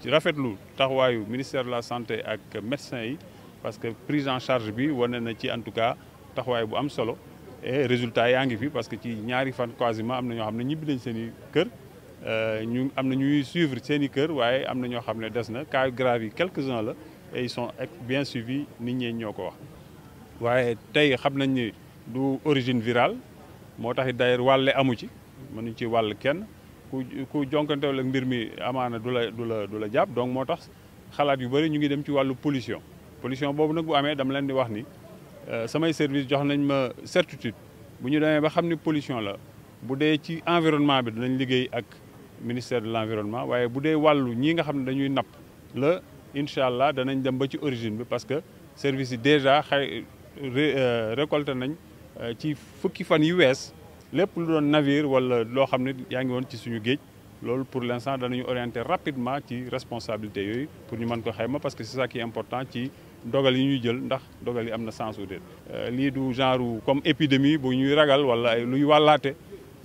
di rafetlu taxawaayu ministère de la santé ak médecins yi parce que prise en charge bi woné na ci en tout cas taxawaay bu am solo et résultat yaangi fi parce que ci ñaari fan quasiment amna na ñoo xam ne ñibbi nañ seen euh, ñu amna ñuy suivre seeni kër waye amna na ñoo ne des na cas grave quelques-uns la et ils sont bien suivis nit ñe ñoko wax waye tay xamnañ ni du origine virale moo tax d'ailleurs walé amu ci mënuñ ci wàll kenn ku ku jonkantewul ak mbir mi amaana du la du la du la jàpp donc moo tax xalaat yu bëri ñu ngi dem ci wàllu pollution pollution boobu nag bu amee dama leen di wax ni euh, samay service jox nañ ma certitude bu ñu demee ba xam ni pollution la bu dee ci environnement bi dinañ liggéey ak ministère de l'environnement waaye bu dee wàllu ñi nga xam ne dañuy napp la incha allah danañ dem ba ci origine bi parce que service yi déjà xay euh, récolté nañ euh, ci fukki fan yu wees lépp lu doon navire wala loo xam ne yaa ngi woon ci suñu géej loolu pour l'instant danañu orienter rapidement ci responsabilité yooyu pour ñu mën ko xayma parce que c'est ça qui est important ci dogal yi ñuy jël ndax dogal yi am na sens ou déet euh, lii du genre comme épidémie bu ñuy ragal wala ay luy wàllaate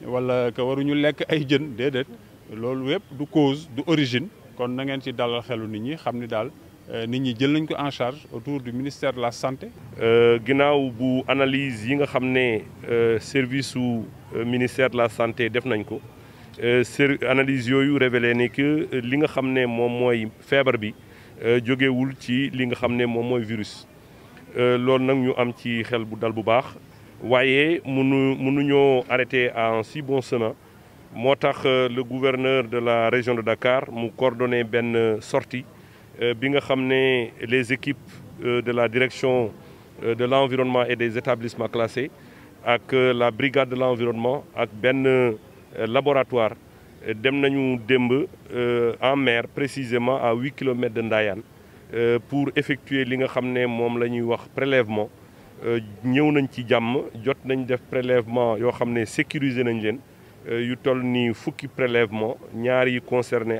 wala que waruñu lekk ay jën déedéet loolu yëpp du cause du origine kon na ngeen ci dalal xelu nit ñi xam ni daal euh, nit ñi en charge autour du ministère de la santé. L'analyse euh, bu analyse euh, service du ministère de la santé def révélé que li nga virus. ñu am ci xel bu dal bu baax en si bon chemin le gouverneur de la région de Dakar mu coordonné ben sortie euh, nous avons les équipes euh, de la direction euh, de l'environnement et des établissements classés avec la brigade de l'environnement ak un laboratoire dem en mer précisément à 8 km de Ndayane pour effectuer les nga nous avons des prélèvements. wax prélèvement ñëw nañ ci prélèvement sécuriser nañ yu concerné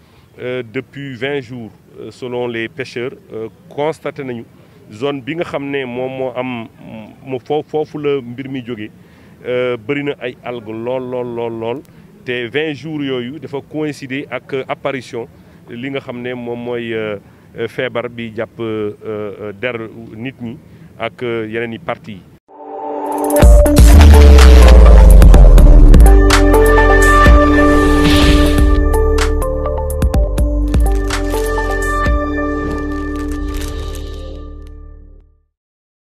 Euh, depuis 20 jours euh, selon les pêcheurs euh, constaté nañu zone bi am la zone mi a, a na ay algues lol lol a été jours dafa coïncider ak apparition li nga der nit ñi